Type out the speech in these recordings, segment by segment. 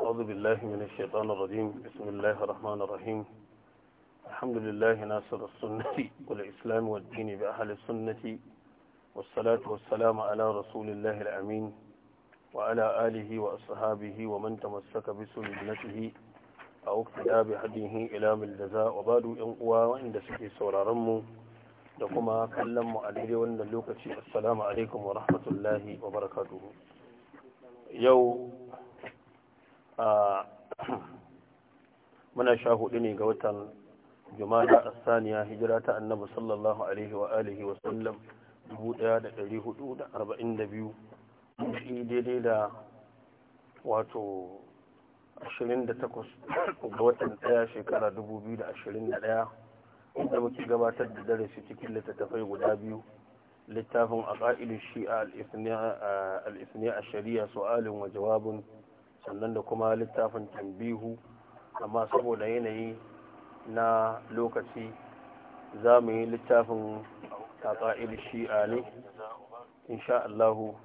أعوذ بالله من الشيطان الرجيم بسم الله الرحمن الرحيم الحمد لله ناصر السنة والإسلام والدين بأهل السنة والصلاة والسلام على رسول الله الأمين وعلى آله وأصحابه ومن تمسك بسنته أو اقتدى بهديه إلى من الجزاء وبعد ينقوى وعند سكي سورة رمو لكما كلم عليه وأن اللوكة السلام عليكم ورحمة الله وبركاته يوم muna sha hudu ne ga watan jumada asaniya hijira ta annabi sallallahu alaihi wa alihi wa sallam 1442 shi daidai da wato 28 ga watan daya shekara 2021 inda muke gabatar da darasi cikin littattafai guda biyu littafin a ƙa'idin shi a ifniya a shari'a su'alin wa jawabin sannan da kuma littafin tambihu amma saboda yanayi na lokaci za mu yi littafin taƙa'ir shi'a ne insha Allahu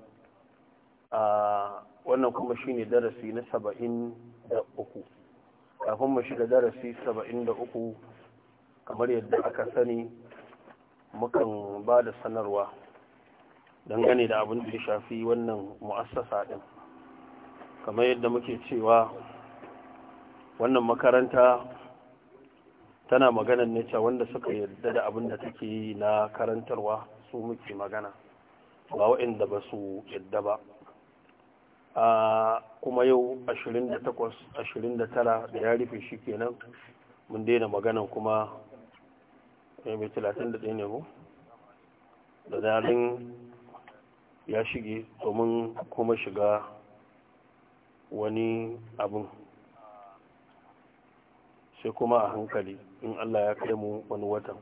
a wannan kuma shine darasi na saba'in da uku kafin mu shiga darasi saba'in da uku kamar yadda aka sani mukan ba da sanarwa dangane da abin da ya shafi wannan mu'assasa ɗin kamar yadda muke cewa wannan makaranta tana maganan ne cewa wanda suka yarda da abin da take yi na karantarwa su muke magana ba waɗanda ba su yarda ba a kuma yau 28 29 da ya rufe shi kenan mun daina maganan kuma eh, mai 31 ne mu da zarin ya shige domin kuma shiga wani abin sai kuma a hankali in Allah ya kai mu wani watan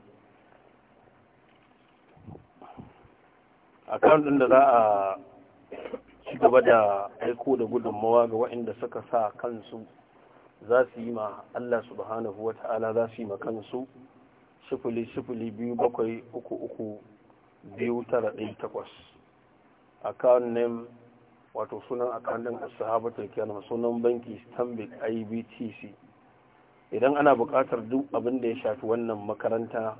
kan ɗin da za a ci gaba da aiko da gudunmawa ga waɗanda suka sa kansu za su yi ma Allah subhanahu wa ta'ala za su yi ma kansu sifili sifili biyu bakwai uku uku biyu tara ɗaya takwas a kan name wato sunan akandin sahabatul kiram sunan banki stanbic ibtc idan ana bukatar duk abin da ya shafi wannan makaranta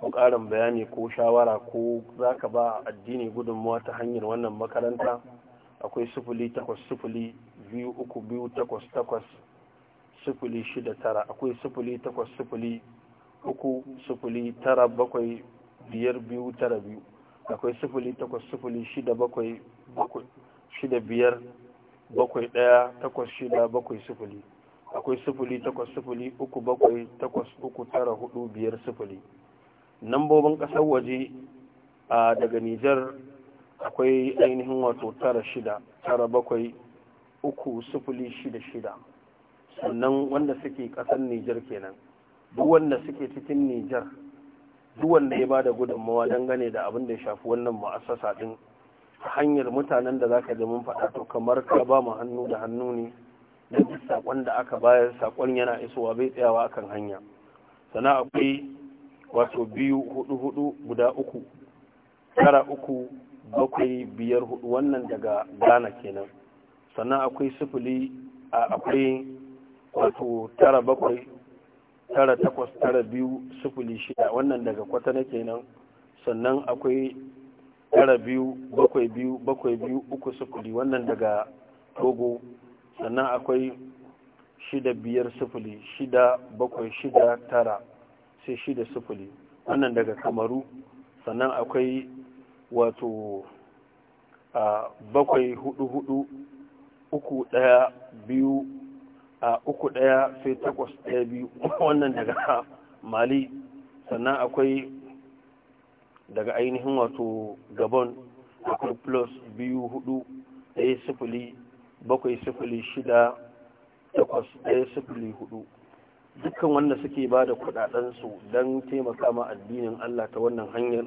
ko ƙarin bayani ko shawara ko za ka ba addini gudunmuwa ta hanyar wannan makaranta akwai sufuli takwas sufuli biyu uku biyu takwas takwas sufuli shida tara akwai sufuli takwas sufuli uku sufuli tara bakwai biyar biyu tara biyu akwai sufuli takwas sufuli shida bakwai bakwai shida biyar bakwai ɗaya takwas shida bakwai sifili akwai sifili takwas sifili uku bakwai takwas uku tara hudu biyar sifili nambobin ƙasar waje a daga nijar akwai ainihin wato tara shida tara bakwai uku sifili shida shida sannan wanda suke ƙasar nijar kenan duk wanda suke cikin nijar duk wanda ya ba da gudunmawa dangane da abin da ya shafi wannan ma'asasa ɗin hanyar mutanen da zaka je mun faɗa to kamar ka ba mu hannu da hannu ne da duk sakon da aka bayar sakon yana isowa bai tsayawa akan hanya sana akwai wato biyu hudu hudu guda uku tara uku bakwai biyar hudu wannan daga ghana kenan sannan akwai sifili a akwai wato tara bakwai tara takwas tara biyu sifili shida wannan daga kwatana kenan sannan akwai tara biyu bakwai biyu bakwai biyu uku sufuri wannan daga togo sannan akwai shida biyar sufuri shida bakwai shida tara sai shida sufuri wannan daga kamaru sannan akwai wato a bakwai hudu hudu uku daya biyu a uku daya sai takwas daya biyu wannan daga mali sannan akwai daga ainihin wato gabon akwai plus biyu hudu ɗaya sifili bakwai sifili shida takwas ɗaya sifili hudu dukkan wanda suke ba da kudadensu don taimaka ma addinin Allah ta wannan hanyar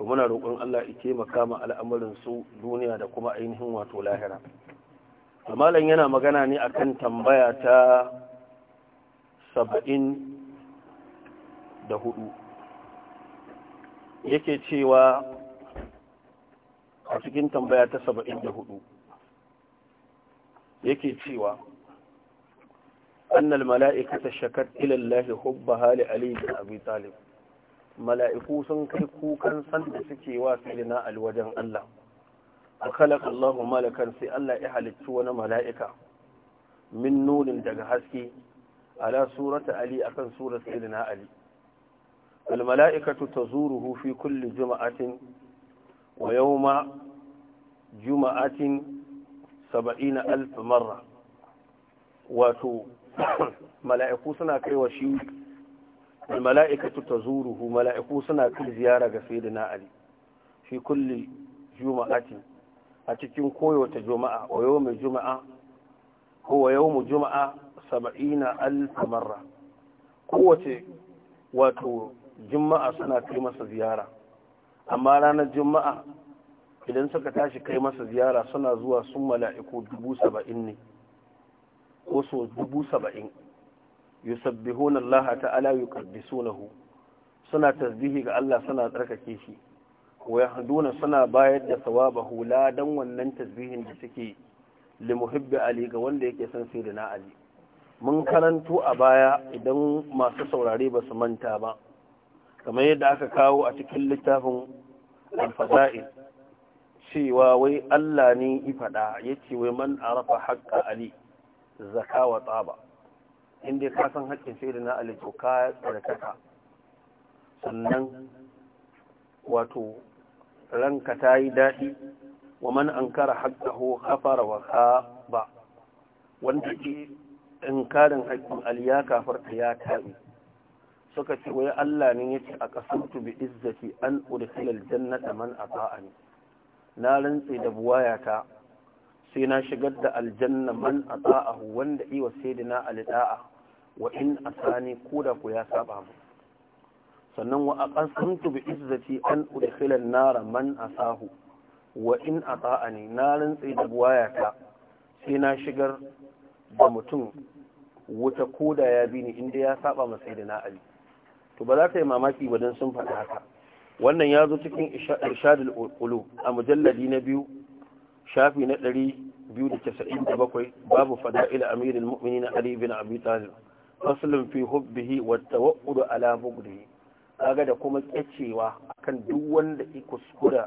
to muna roƙon Allah ya taimaka ma al'amarin su duniya da kuma ainihin wato lahira malam yana magana ne akan tambaya ta saba'in da hudu yake cewa a cikin tambaya ta saba'in da hudu yake cewa annal mala'ika ta shakar ilallahi hubba hali ali da abu talib mala'iku sun kai kukan sanda suke wa na alwajen Allah a kalaka Allah malakan sai Allah ya halittu wani mala'ika min nunin daga haske ala surata ali akan surat na ali almala'ikatu tazuruhu fi kulli juma'atin wa yawma juma'atin 70 alf wato mala'iku suna kai wa shi almala'ikatu tazuruhu mala'iku suna ziyara ga sayyidina ali fi kulli juma'atin a cikin koyota juma'a wa yawma juma'a huwa yawmu juma'a wato juma'a suna kai masa ziyara amma ranar juma'a idan suka tashi kai masa ziyara suna zuwa sun mala'iku dubu saba'in ne ko so dubu saba'in yusabbihuna Allah ta'ala yuqaddisunahu suna tasbihi ga Allah suna tsarkake shi wa yahduna suna bayar da hula don wannan tasbihin da suke li muhibbi ali ga wanda yake son sirrina ali mun karanto a baya idan masu saurare ba su manta ba kamar yadda aka kawo a cikin littafin alfasa'i cewa wai Allah ne ifada ya ce wai man arafa haƙƙa ali zaka wa tsaba inda ka san haƙƙin sai da na ali to ka tsarkaka sannan wato ranka ta yi daɗi wa man an kara haƙƙaho kafara wa ba wanda ke inkarin haƙƙin ali ya kafarta ya taɓi suka ce wai Allah ne yace a kasantu bi izzati an udkhila aljannata man ata'ani na rantsi da buwayata sai na shigar da aljanna man ata'ahu wanda yi wa sayyidina alda'a wa in asani koda ku ya saba mu sannan wa aqasantu bi izzati an udkhila an-nara man asahu wa in ata'ani na rantsi da buwayata sai na shigar da mutum wuta koda ya bi ni inda ya saba ma sayyidina ali to ba za ka yi mamaki ba don sun faɗi haka wannan ya zo cikin irshadul ulu a mujalladi na biyu shafi na ɗari biyu da casa'in da bakwai babu fada'il amirin mu'mini na ali bin abi talib fasulun fi hubbihi wa tawakkudu ala bugdihi kaga da kuma kyacewa akan duk wanda ya kuskura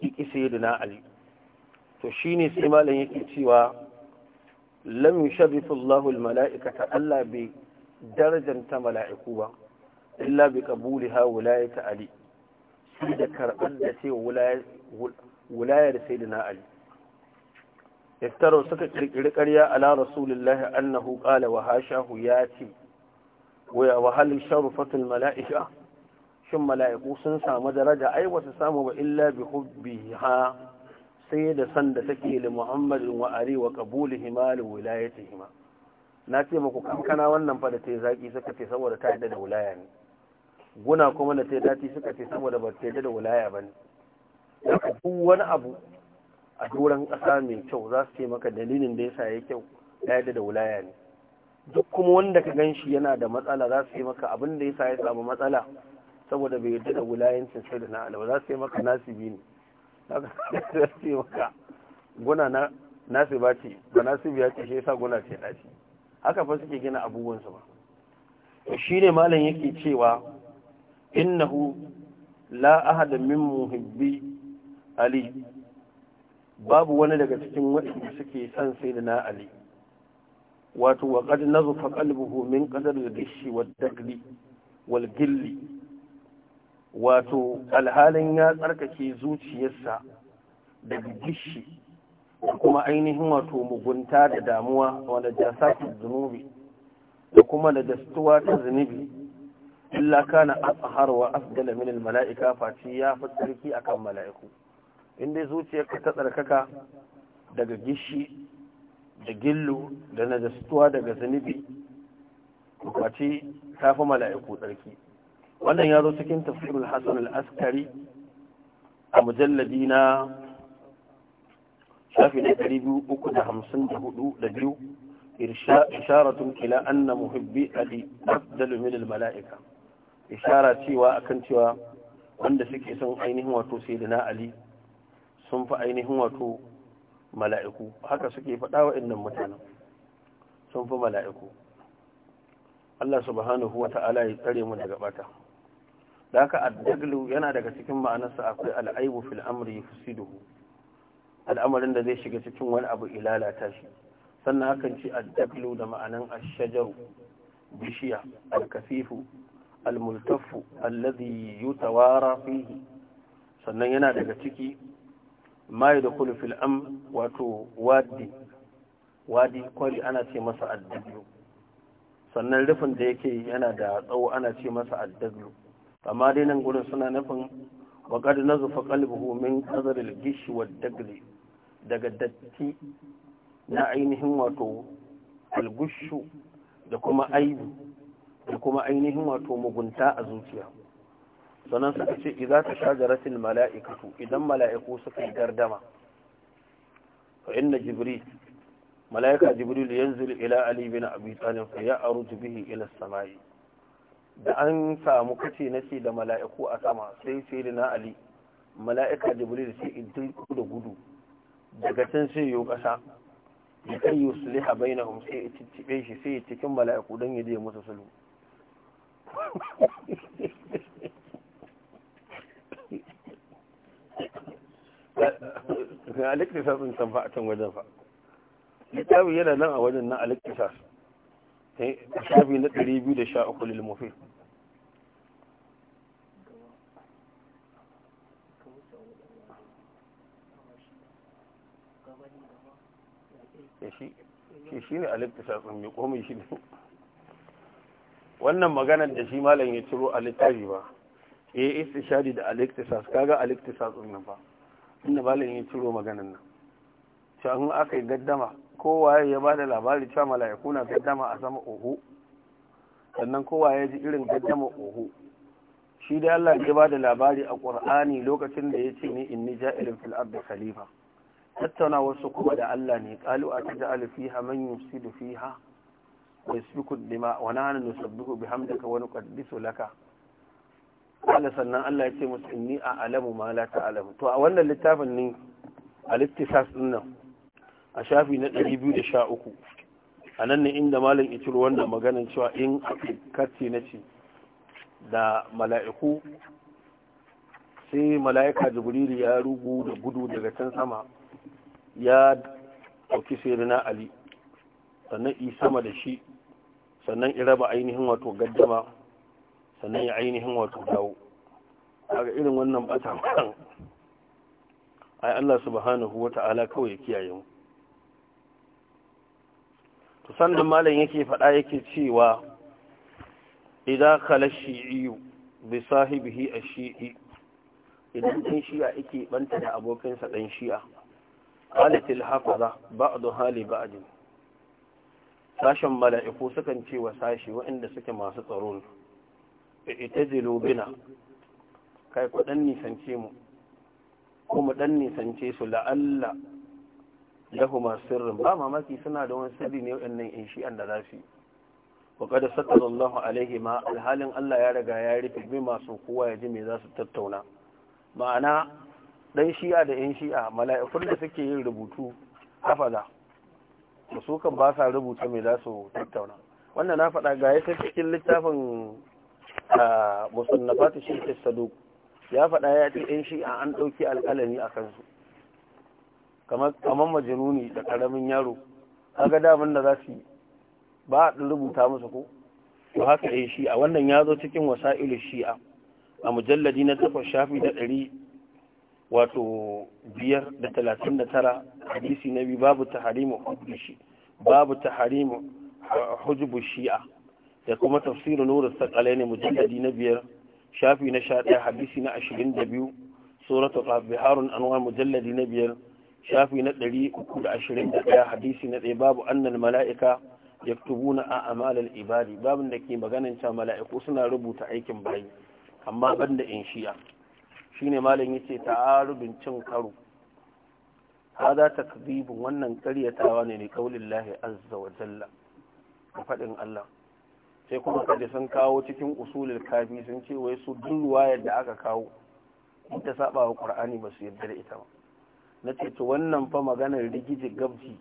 ki da na ali to shine sai malam yake cewa lam yushabbifu Allahu al-mala'ikata Allah bai darajanta mala'iku ba illa bi kabuli ha ta ali sai da karɓar da sai wulayar sai da na ali iftarau suka kirkiri ƙarya ala rasulullahi annahu qala wa hashahu ya ce wa hal sharufatul mala'ika shin mala'iku sun samu daraja ai wasu samu ba illa bi ha sai da san da take li muhammadin wa ari wa qabulihima li wilayatihima na ce muku kankana wannan fa da ta yi zaƙi suka ce saboda ta yi da wulaya ne guna kuma da ta yi dati suka ce saboda ba ta yi da wulaya ba ne daga duk wani abu a doron ƙasa mai kyau za su ce maka dalilin da ya sa ya kyau ya yi da wulaya ne duk kuma wanda ka gan shi yana da matsala za su ce maka abin da ya sa ya samu matsala saboda bai yadda da wulayancin sai da na alawa za su ce maka nasibi ne za su ce maka guna na nasiba ce ba nasibi ya ce shi ya sa guna ce dati. haka fa suke gina abubuwansu ba shi ne malam yake cewa innahu la ahad min muhibbi ali babu wani daga cikin waɗanda suke son sai da na ali wato wa qad nazufa qalbuhu min qadar dishi wa dagli wal gilli wato alhalin ya tsarkake zuciyarsa daga gishi kuma ainihin wato mugunta da damuwa wanda jasati zunubi da kuma da dastuwa ta zunubi illa kana azhar wa afdala min al mala'ika faci ya fi tsarki akan mala'iku in dai zuciyarka ta tsarkaka daga gishi da gillu da najastuwa daga zunubi faci ta fi mala'iku tsarki wannan ya zo cikin tafsirul hasan al askari a mujalladi na shafi na ɗari biyu uku da hamsin da hudu da biyu isharatun ila anna muhibbi ali afdalu min al mala'ika ishara cewa akan cewa wanda suke son ainihin wato sayyidina ali sun fi ainihin wato mala'iku haka suke faɗawa wa innan mutanen sun fi mala'iku Allah subhanahu wa ta'ala ya tsare mu daga bata da haka addaglu yana daga cikin ma'anarsa akwai al'aibu fil amri yusiduhu al'amarin da zai shiga cikin wani abu ilalata shi sannan hakan ce daklu da ma'anan ashajaru bishiya alkasifu almultafu alladhi yutawara fihi sannan yana daga ciki ma da fil am wato wadi wadi kwari ana ce masa addaglu sannan rufin da yake yana da tsawo ana ce masa addaglu amma dai nan gurin suna nufin وقد نزف min من قدر الجش والدقل daga datti na ainihin wato algushu da kuma aibu da kuma ainihin wato mugunta a zuciya sannan suka ce idan ta shajaratin mala'ikatu idan mala'iku suka yi gardama fa inna jibril mala'ika jibril yanzil ila ali bin abi talib fa ya'ruju bihi ila samai da an samu kace nace da mala'iku a sama sai sayyidina ali mala'ika jibril sai idil da gudu daga can sai yiwu ƙasa ya kai yi liha bai na sai ya cikin shi sai ya cikin mala'iku don ya je musu sulhu ga aliktisas sun can fa a can wajen fa littafi yana nan a wajen na aliktisas shafi na 213 lil mufid Eh, shi ne aliktisatsun mai komai shi ne wannan maganar da shi malam ya ciro a littafi ba ya yi Shadi da aliktisas kaga aliktisatsun nan ba inda malam ya ciro maganar nan can aka yi gaddama kowa ya ba da labari cewa mala'iku na gaddama a sama oho sannan kowa ya ji irin gaddama oho shi da Allah ya ba da labari a ƙur'ani lokacin da ya ce ni inni ja'ilin fil'ad da khalifa tattauna wasu kuma da Allah ne qalu ataj'alu ha? man yufsidu fiha wa yasfiku dima wa nahnu nusabbihu bihamdika wa nuqaddisu laka Allah sannan Allah ya ce musu inni a alamu ma la ta'lamu to a wannan littafin ne al-ittisas din nan a shafi na 213 a nan ne inda malam ya ciro wannan maganar cewa in kace na ce da mala'iku sai mala'ika jibrilu ya rugu da gudu daga can sama ya ɗauki sirina ali sannan yi sama da shi sannan ya raba ainihin wato gaddama sannan ya ainihin wato dawo daga irin wannan bata kan ai Allah subhanahu wata'ala kawai kiyaye mu to sannan malam yake faɗa yake cewa idan khala shi'iyu bi sahibihi ashi'i idan dan shi'a yake banta da sa dan shi'a Ba hali ba a jin. sashen mala'iku sukan ce wa sashi waɗanda suke masu tsaro ita bina kai ku ɗan nisance mu ko mu ɗan nisance su la'alla lahu masu sirrin ba mamaki suna da wani sirri ne waɗannan in shi'an da zafi su yi wa kada sattarallahu alaihi ma alhalin Allah ya riga ya rufe bi masu kowa ya ji me za su tattauna ma'ana dan shi'a da yan shi'a mala'ikun da suke yin rubutu hafaza su kan ba sa rubuta mai za su tattauna wannan na faɗa ga ya cikin littafin a musannafatu shi ke ya faɗa ya ce yan shi'a an ɗauki alƙalami a kansu kamar majinuni da ƙaramin yaro kaga damar da za su yi ba a rubuta musu ko to haka yan shi'a wannan ya zo cikin wasa'ilu shi'a a mujalladi na takwas shafi na ɗari wato biyar da talatin da tara hadisi na biyu babu harimu hujjushi babu harimu hujbu shi'a da kuma tafsirin nuru sakalai ne mujalladi na biyar shafi na sha ɗaya hadisi na ashirin da biyu suratul biharun anwa mujalladi na biyar shafi na ɗari uku da ashirin da ɗaya hadisi na ɗaya babu annan mala'ika yaktubuna a amalar ibadi babin da ke maganin cewa mala'iku suna rubuta aikin bayi amma ban da in shi'a shine malam yace ta'arubin cin karo hada takdibun wannan karyatawa ne ne kaulin lahi azza wa jalla da faɗin Allah sai kuma kade sun kawo cikin usulul kafi sun ce wai su duk ruwayar da aka kawo in ta saba wa qur'ani ba su yarda da ita ba na ce to wannan fa maganar rigiji gabji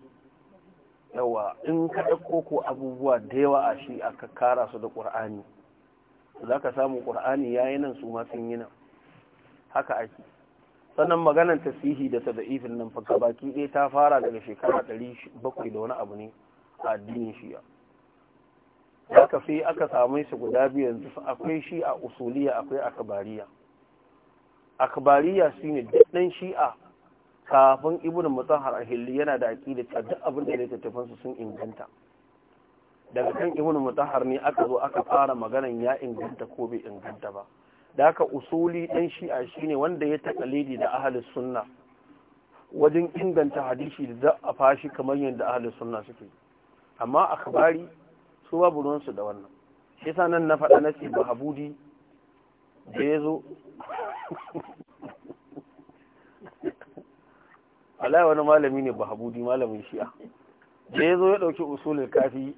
yawa in ka ɗauko ko abubuwa da yawa a shi aka kara su da qur'ani za ka samu qur'ani yayi nan su ma sun yi nan haka ake sannan maganar tasihi da da'ifin nan fa baki ɗaya ta fara daga shekara ɗari bakwai da wani abu ne a addinin shi'a ya kafe aka samu su guda biyu yanzu akwai shi a usuliya akwai akabariya akabariya ne ɗan shi'a kafin ibnu mutahhar al yana da aqida ta duk abin da su sun inganta daga kan ibnu mutahhar ne aka zo aka fara maganar ya inganta ko bai inganta ba da haka usuli ɗan shi'a shine wanda ya taƙalidi da ahalis sunna wajen inganta hadishi da za a fashi kamar yadda ahalis sunna suke amma a kabari su babu ruwansu da wannan shi sa nan na faɗa na ce ba habudi da ya zo ala wani malami ne ba habudi malamin shi'a da ya zo ya ɗauki usulin kafi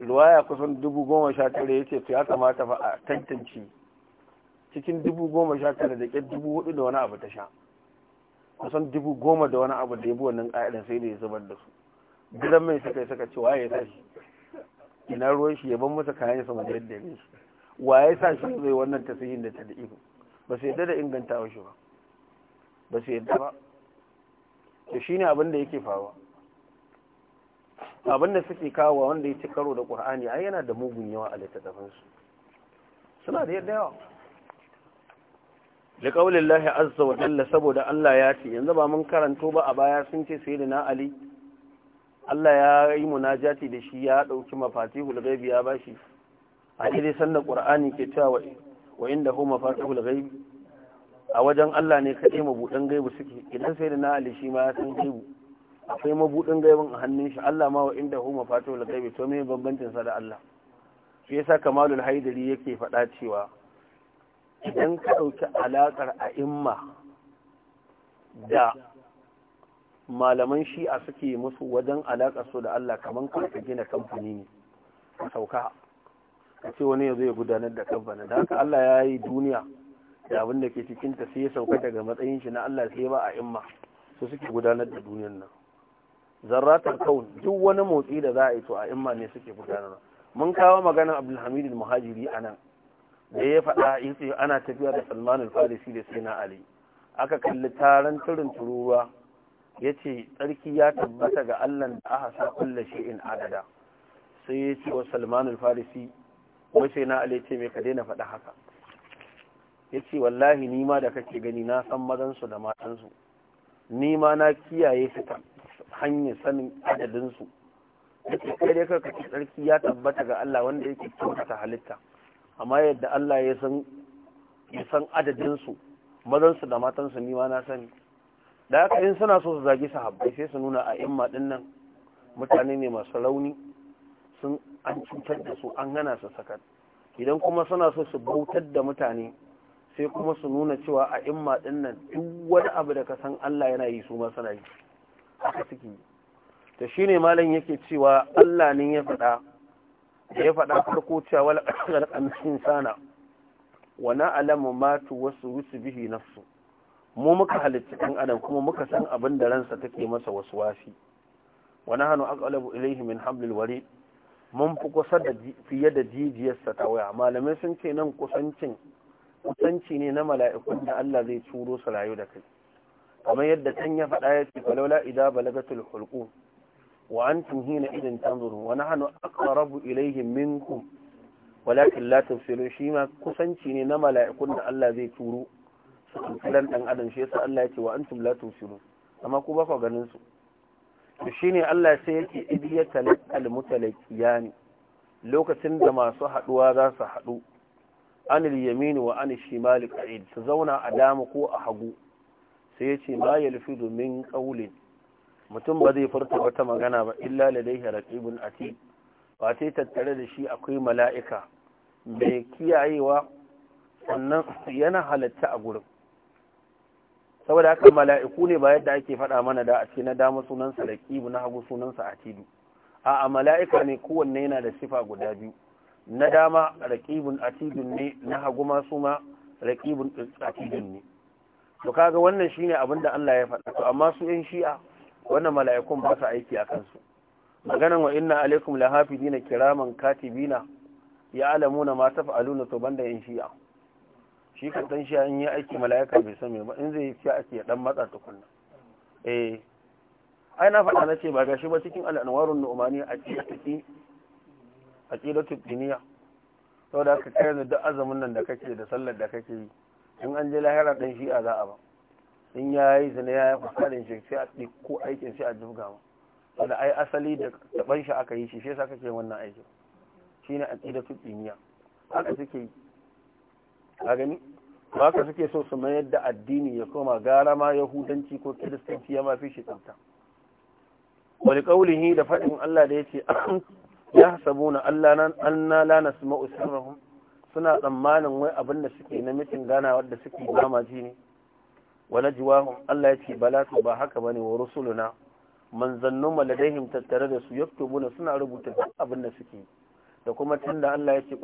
ruwaya kusan dubu goma sha tare ya ce ya kamata fa a tantance cikin dubu goma sha tara da ƙyar dubu hudu da wani abu ta sha kusan dubu goma da wani abu da ya bi wannan ƙa'idar sai da ya zubar da su gidan mai suka yi suka ce waye ya tashi ina ruwan shi ya ban masa kayan sama da yadda ne shi waye sa shi zai wannan tasirin da ta da ihu? ba su yadda da inganta shi ba ba su yadda ba to shine abin da yake faruwa abin da suke kawo wanda ya ci karo da qur'ani ai yana da mugun yawa a littattafansu suna da yadda yawa da ƙaunin lahi azza wa jalla saboda Allah ya ce yanzu ba mun karanto ba a baya sun ce sai na Ali Allah ya yi munajati da shi ya ɗauki mafatihul gaibi ya bashi a daidai sanda Qur'ani ke cewa wa inda hu mafatihul gaibi a wajen Allah ne kaɗai mabuɗin gaibu suke idan sai na Ali shi ma ya san gaibu akwai mabuɗin gaibin a hannun shi Allah ma wa inda hu mafatihul gaibi to me bambancin sa da Allah shi yasa Kamalul Haidari yake faɗa cewa idan ka ɗauki alaƙar imma da malaman shi'a suke musu wajen alaƙar su da Allah kamar ka gina kamfani ne ka sauka ka ce wani ya zai gudanar da kamfani da haka Allah ya yi duniya da abin da ke cikinta sai ya sauka daga matsayin shi na Allah sai ba a imma su suke gudanar da duniyar nan zarratar kaun duk wani motsi da za a yi to imma ne suke gudanar mun kawo maganar abdulhamid muhajiri a nan da ya faɗa ce ana tafiya da Salman al-Farisi da Sayyidina Ali aka kalli taron turin turuwa yace tsarki ya tabbata ga Allah da aka sa kullu shay'in adada sai ya ce wa Salman al-Farisi wai Sayyidina Ali ce me ka daina faɗa haka yace wallahi ni ma da kake gani na san mazan su da matan su ni ma na kiyaye su ta hanyar sanin adadin su yace kai dai ka tsarki ya tabbata ga Allah wanda yake kyautata halitta amma yadda Allah ya san adadinsu mazansu da matansu ni na sani da haka in suna so su zagi su habbai sai su nuna a yin maɗin nan mutane ne masu rauni sun an cutar da su an hana su sakar idan kuma suna so su bautar da mutane sai kuma su nuna cewa a yin maɗin nan duk wani abu da ka san Allah yana yi su masu yi suke yi shi shine malam yake cewa Allah ne ya faɗa da ya faɗa farko cewa wala ƙasar sana wa matu wasu wasu bihi nafsu mu muka halitta ɗan adam kuma muka san abin da ransa take masa wasu wasi wa hannu aqlabu ilaihi min hamlin wari mun fi kusa da fiye da jijiyarsa ta waya malamai sun ce nan kusanci ne na mala'ikun da Allah zai turo su rayu da kai kamar yadda can ya faɗa ya ce falaula idan balagatul hulqum wa antum hina idin tanzurun wa nahnu aqrabu ilayhi minkum walakin la tafsilun shi ma kusanci na mala'ikun da Allah zai turo su tuntulan dan adam shi yasa Allah ya ce wa antum la amma ku ba ganin su to shine Allah sai yake idiya talaqal mutalaqiyani lokacin da masu haduwa za su hadu anil yamini wa anil shimali qa'id su zauna a dama ko a hagu sai yace ma yalfidu min qawlin mutum ba zai furta wata magana ba illa ladaihi raqibun ati, ba sai tattare da shi akwai mala'ika mai kiyayewa sannan yana halatta a gurin saboda haka mala'iku ne ba yadda ake faɗa mana da a ce na dama sunansa raqibu na hagu sunansa atidu a'a mala'ika ne kowanne yana da sifa guda biyu na dama raqibun atidun ne na hagu ma su ma raqibun atidun ne to kaga wannan shine abin da Allah ya faɗa to amma su yan shi'a wannan mala'ikun ba su aiki a kansu maganan wa inna alaikum dina kiraman katibina ya alamuna ma taf'aluna to banda yan shi'a shi kan dan shi'a in yi aiki mala'ika bai san me ba in zai yi ake dan matsa tukunna eh ai na faɗa na ce ba shi ba cikin al'anwarun nu'mani a cikin aqidatu diniya saboda ka kai da azumin nan da kake da sallar da kake yi in an je lahira dan shi'a za a ba in ya yi zina ya yi fasarin shi sai a ɗiko aikin sai a jibga mu wanda ai asali da taɓar shi aka yi shi shi saka ke wannan aikin shi ne ƙida su ɗiniya haka suke yi a gani ba haka suke so su mayar da addini ya koma gara ma yahudanci ko kiristanci ya mafi shi tsanta wani ƙaulihi da faɗin Allah da ya ce ya sabo na Allah na lana su ma'usirahun suna tsammanin wai abin da suke na mitin ganawar da suke gama jini. ne Wani najwahum Allah yace bala ba haka bane wa rusuluna manzannu maladaihim tattare da su yaktubuna suna rubuta duk abin da suke da kuma tunda Allah yace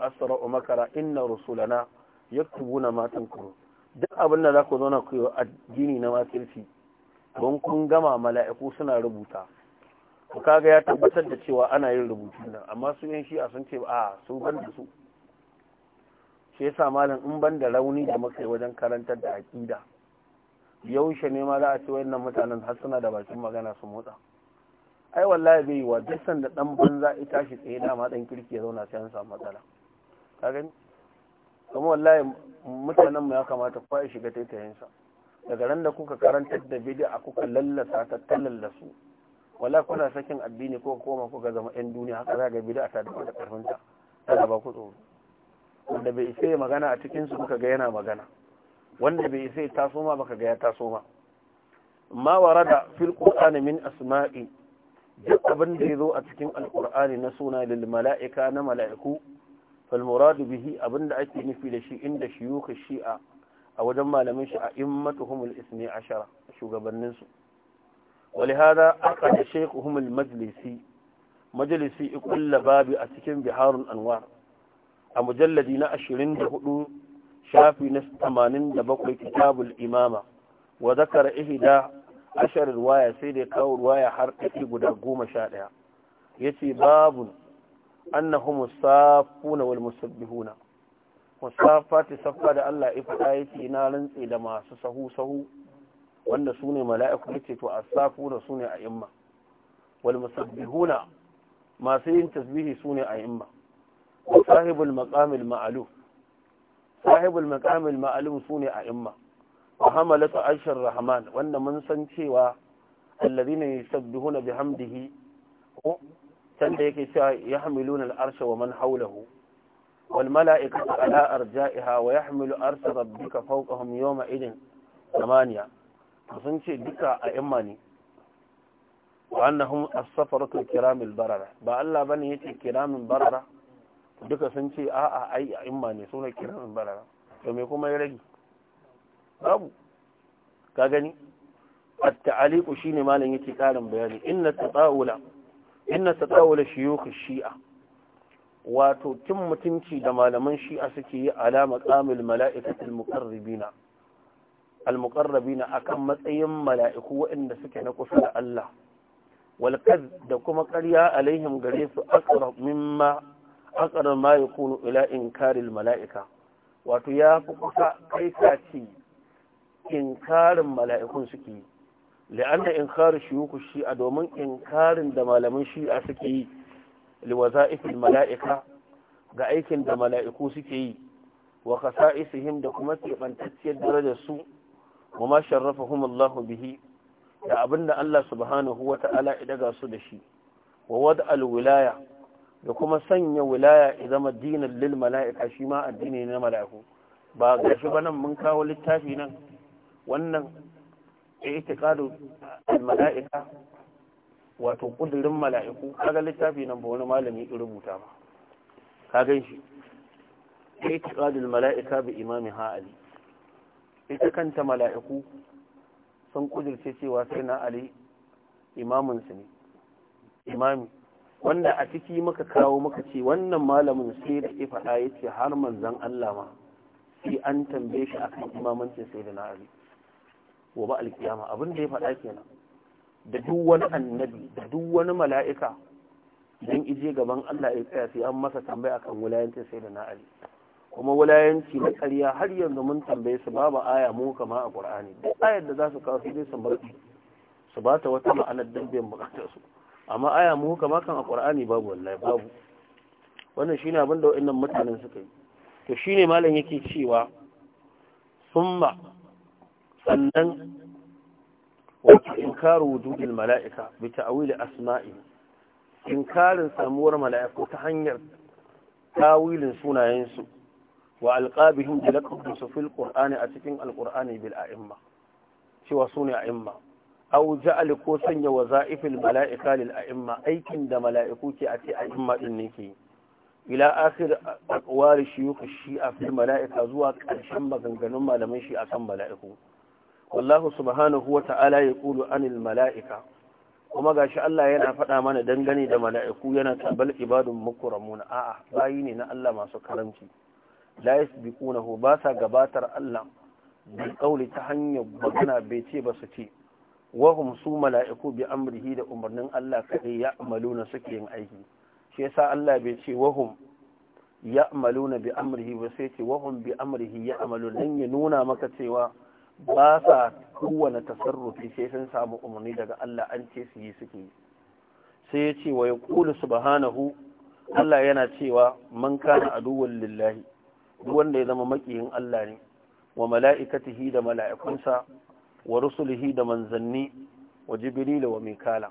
asra wa makara inna rusulana yaktubuna ma tankuru duk abin da zaku zo na ku addini na makirci don kun gama mala'iku suna rubuta Ku kaga ya tabbatar da cewa ana yin rubutun nan amma su yan shi'a sun ce a su ban da su shi yasa malam in ban da rauni da muka wajen karantar da aqida yaushe ne ma za a ce wayannan mutanen har suna da bakin magana su motsa ai wallahi bai wa duk da dan banza ya tashi tsaye dama dan kirki ya zauna sai an samu matsala ka gani kuma wallahi mutanen mu ya kamata kowa ya shiga taitayin sa daga ran da kuka karantar da bid'a kuka lallasa ta tallallasu wallahi kuna sakin addini ko koma kuka zama yan duniya haka za ga bid'a ta da karfin ta ba ku tsoro wanda bai isa magana a cikin su kuka ga yana magana wanda bai sai taso ma baka ga ya taso ma ma warada fil qur'ani min asma'i duk abin da yazo a cikin alqur'ani na suna lil mala'ika na mala'iku fal muradu bihi abin da ake nufi da shi inda shiyukh shi'a a wajen malamin shi a immatuhum al ismi ashara shugabannin su ولهذا أقعد شيخهم المجلسي مجلسي يقول بابي أتكين بحار الأنوار a mujalladi na ashirin da hudu shafi na tamanin da bakwai kitabul imama wa ihida ihda ashar ruwaya sai da kawo ruwaya har ɗaki guda goma sha ɗaya ya ce babu annahu musafuna wal musabbihuna musafati saffa da Allah ya faɗa ya ce na rantse da masu sahu sahu wanda su ne mala'iku ya ce to asafuna su ne a imma wal musabbihuna masu yin tasbihi su ne a imma wa sahibul maqamil ma'aluf sahibul maqamil ma'lum sune a'imma wa hamalatu ashar rahman wanda mun san cewa alladhina yusabbihuna bihamdihi ko can da yake cewa yahmiluna al-arsha wa man hawlahu wal mala'ikatu ala arja'iha wa yahmilu arsha rabbika fawqahum yawma idin samaniya sun ce duka a'imma ne wa annahum as-safaratu kiramil barara ba Allah bane yace kiramin barara duka sun ce a'a ai a imma ne suna kiran barara to me kuma ya rage babu ka gani at-ta'aliqu shine malam yake karin bayani inna tatawula inna tatawula shuyukh shi'a wato cin mutunci da malaman shi'a suke yi ala maqamil mala'ikatil muqarribina al a akan matsayin mala'iku waɗanda suke na kusa da Allah wal da kuma ƙarya alaihim gare su aqrab mimma aqra ma yakunu ila inkaril mala'ika wato ya fi kusa kai ka ce inkarin mala'ikun suke yi la'anna inkarin shi shi'a domin inkarin da malaman shi'a suke yi ifin mala'ika ga aikin da mala'iku suke yi wa kasa'isihim da kuma kebantacciyar darajar su wa ma sharrafahum Allahu bihi da abinda Allah subhanahu ta'ala ya daga su da shi wa wada alwilaya da kuma sanya wilaya ya zama dinin lil mala'ika shi ma addini na mala'iku ba ga shi ba nan mun kawo littafi nan wannan i'tiqadu al mala'ika wato kudirin mala'iku kaga littafi nan ba wani malami ya rubuta ba ka gan shi yi al mala'ika bi imami ha'ali ita kanta mala'iku sun kudirce cewa sai na ali imamin ne imami wanda a ciki muka kawo maka ce wannan malamin sai da ya da ya ce har manzan Allah ma sai an tambaye shi kan imamancin sai da na Ali wa ba alkiyama abin da ya faɗa kenan da duk wani annabi da duk wani mala'ika dan ije gaban Allah ya tsaya sai an masa tambaya akan wulayancin sai da na Ali kuma wulayanci na ƙarya har yanzu mun tambaye su babu aya mu kama a ƙur'ani duk ayar da za su kawo sai su bar su ba ta wata ma'anar damben mu su amma aya mu kama kan a babu wallahi babu wannan shine abin da wa'annan mutanen suka yi to shine malam yake cewa summa sannan wa inkaru wujudil mala'ika bi ta'wil asma'i inkarin samuwar mala'iku ta hanyar tawilin sunayen su wa alqabihim da su fil qur'ani a cikin alqur'ani bil a'imma cewa sune a'imma au ja'al ko sanya waza'ifil mala'ika lil a'imma aikin da mala'iku ke a ce a'imma din ne ke ila akhir aqwal shuyukh shi'a fi mala'ika zuwa ƙarshen maganganun malaman shi akan mala'iku wallahu subhanahu wa ta'ala yaqulu anil mala'ika kuma gashi Allah yana faɗa mana dangane da mala'iku yana tabal ibadun mukramuna a'a bayi ne na Allah masu karamci la yasbiqunahu ba sa gabatar Allah bil qawli ta hanyar magana bai ce ba su ce wahum su mala'iku bi amrihi da umarnin Allah kaɗai ya amaluna suke yin aiki shi yasa Allah bai ce wahum ya amaluna bi amrihi ba sai ce wahum bi amrihi ya amalu dan ya nuna maka cewa ba sa kowane tasarrufi sai sun samu umarni daga Allah an ce su yi suke yi sai ya ce wa ya kula subhanahu Allah yana cewa man kana aduwwan lillahi duk wanda ya zama makiyin Allah ne wa mala'ikatihi da mala'ikunsa wa rusulihi da manzanni wa jibrilu wa mikala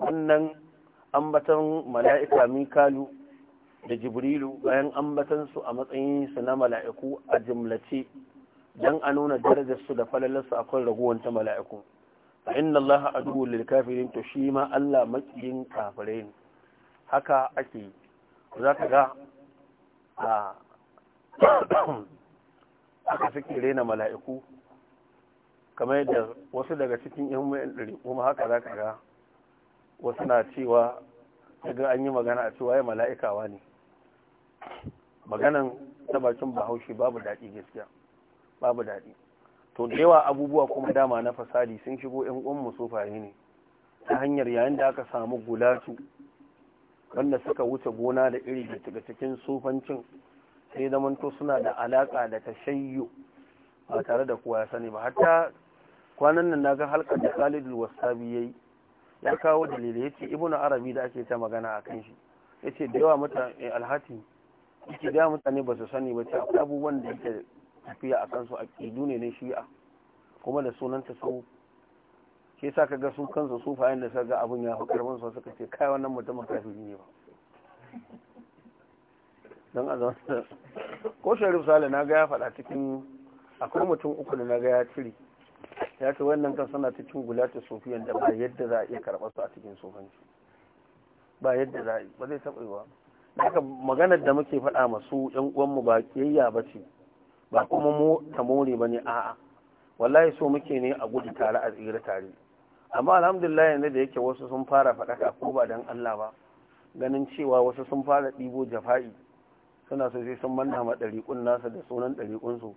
wannan ambatan mala'ika mikalu da jibrilu bayan su a matsayin su na mala'iku a jimlace dan a nuna darajarsu da falalarsu a kan raguwan ta mala'iku a inna allaha a lil kafirin to shi ma Allah makiyin kafirai ne haka ake za ka ga a aka na mala'iku kamar yadda wasu daga cikin yan mayan ɗari kuma haka za ka ga wasu na cewa ga an yi magana a cewa ya mala'ikawa ne maganan ta bakin bahaushe babu daɗi gaskiya babu daɗi to da yawa abubuwa kuma dama na fasadi sun shigo yan uwan musufaye ne ta hanyar yayin da aka samu gulatu wanda suka wuce gona da iri daga cikin sufancin sai zamanto suna da alaka da shayyo ba tare da kowa ya sani ba hatta kwanan nan na ga halkar da khalidul wasabi yayi ya kawo dalilai yace na arabi da ake ta magana a kan shi ya ce da yawa mutane eh, alhati yace da mutane ba su sani ba ce a abubuwan da yake tafiya a kansu a ƙidu ne na shi'a kuma da sunanta su ke sa ka ga su kansu sufayen da suka ga abun ya hukar karfin su ka ce kai wannan mutumin kafiri ne ba don a zama ko sharif sale na ga ya faɗa cikin akwai mutum uku da na ga ya cire ya ce wannan kan suna ta cingulata sufiyan da ba yadda za a iya karɓar su a cikin sufanci ba yadda za a ba zai taɓa yiwa haka maganar da muke faɗa masu ƴan uwanmu ba kiyayya ba ce ba kuma mu ta more ba ne a'a wallahi so muke ne a gudu tare a tsira tare amma alhamdulillah yanzu da yake wasu sun fara faɗaka ko ba dan Allah ba ganin cewa wasu sun fara ɗibo jafa'i suna so sai sun manna ma ɗariƙun nasa da sunan ɗariƙunsu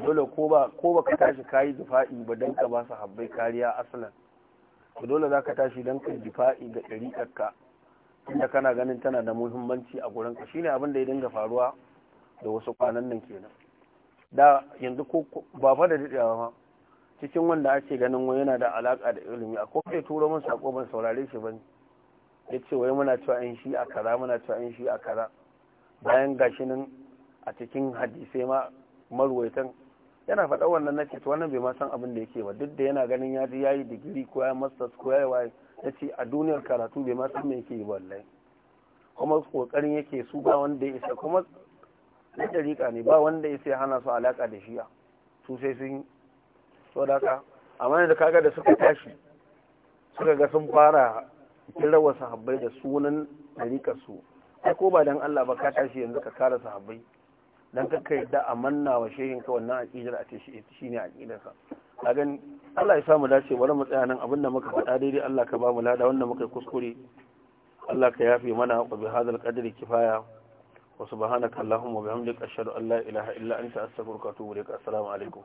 dole ko ba ko ba ka tashi kayi difa'i ba dan ka ba su habbai kariya asalan to dole za ka tashi dan ka difa'i ga ɗariƙarka inda kana ganin tana da muhimmanci a gurin ka shine abin da ya dinga faruwa da wasu kwanan nan kenan da yanzu ko ba fa da daɗewa ma cikin wanda ake ganin wani yana da alaka da ilimi a kofar turo min sako ban saurare shi bane ya ce wai muna cewa in shi a kaza muna cewa in shi a kaza bayan gashi nan a cikin hadisai ma marwaitan yana faɗa wannan na ceto wannan bai ma san abin da yake ba duk da yana ganin ya ji yayi digiri ko ya masters ko ya yi waye ce a duniyar karatu bai ma san me yake yi wallahi kuma kokarin yake su ba wanda ya isa kuma na dariƙa ne ba wanda ya sai hana su alaka da shiya su sai sun so da ka amma da kaga da suka tashi suka ga sun fara kira wasu sahabbai da sunan dariƙar su ai ko ba dan Allah ba ka tashi yanzu ka kara sahabbai dan kakka yadda a manna wa shehin ka wannan aqidar a shi ne aqidarsa a gan Allah ya samu dace bari mu tsaya nan abinda muka faɗa daidai Allah ka ba mu lada wanda muka kuskure Allah ka yafe mana wa bi hadal qadri kifaya wa subhanaka allahumma wa bihamdika ashhadu an la ilaha illa anta astaghfiruka wa atubu ilaik assalamu alaikum